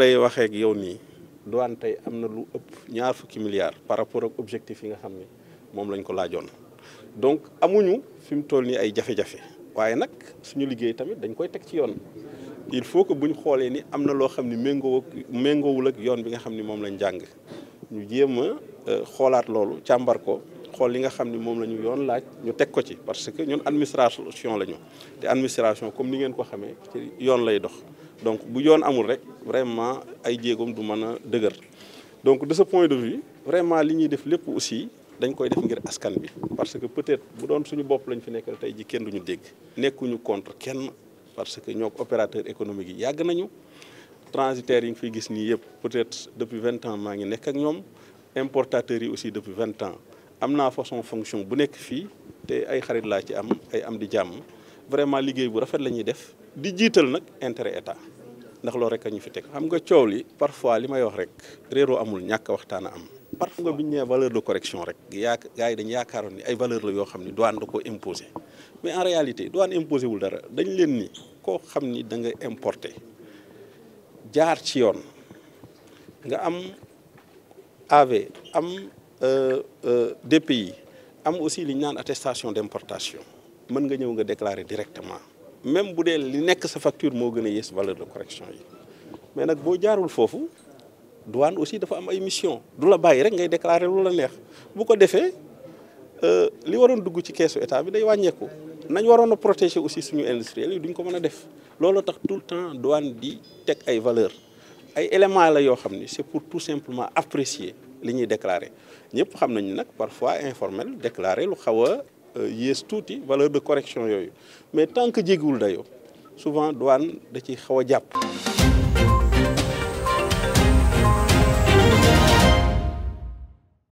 lay waxee ak yow nii douane tey am na lu ëpp ñaar fukki milliards par rapport ak objectif yi nga xam ne moom lañ ko laajoon donc amuñu fi mu toll nii ay jafe-jafe waaye nag suñu liggéey tamit dañ koy teg ci yoon il faut que buñ xoolee ni am na loo xam ni méngoo méngoowul ak yoon bi nga xam ni moom lañ jàng ñu jéem a euh, xoolaat loolu càmbar ko xool li nga xam ni moom la ñu yoon laaj ñu teg ko ci parce que ñun administration la ñu te administration comme ni ngeen ko xamee yoon lay dox donc bu yoon amul rek vraiment ay jéegoom du de a donc de ce point de vue vraiment ce qu'on def aussi dañ koy def ngir askan bi parce que peut-être bu doon suñu bopp lañ fi nekkal tey ji kenn duñu n'est nekkuñu contre kenn parce que nous, opérateur économique yi yàgg nañu transitaires yi nga fiy gis peut-être depuis 20 ans maa ngi avec ak importateurs aussi depuis 20 ans am naa façon fonction bu est fii Et ay xarit laa ci am ay am di jàmm vraiment liggéey bu rafet la def di jiital nag intérêt état ndax loolu rek a ñu fi teg xam nga coow li parfois li may wax rek réeroo amul ñàkk waxtaan a am parfois nga bi ñu nee valeur de correction rek yaa gars dañu yaakaaroon ni ay valeur la yoo xam ni douane da koo imposé mais en réalité douane imposé wul dara dañ leen ni koo xam ni da nga importé jaar ci yoon nga am AV am yi euh, euh, am aussi li ñu naan attestation d' importation mën nga ñëw nga déclarer directement même bu dee li nekk sa facture moo gën a valeur de correction yi mais nag boo jaarul foofu douane aussi dafa am ay mission du la bàyyi rek ngay déclarer lu la neex bu ko defee euh, li waroon dugg ci keesu état bi day wàññeeku nañ waroon a protéger aussi suñu industriel yi duñ ko mën a def loolu tax tout le temps douane di teg ay valeur ay éléments la yoo xam c'est pour tout simplement apprécier li ñuy déclarer ñëpp xam nañu nag parfois informel déclarer lu xaw a euh, touti valeur de correction yoyu, mais tant que djegoul dayo souvent douane da ci xawa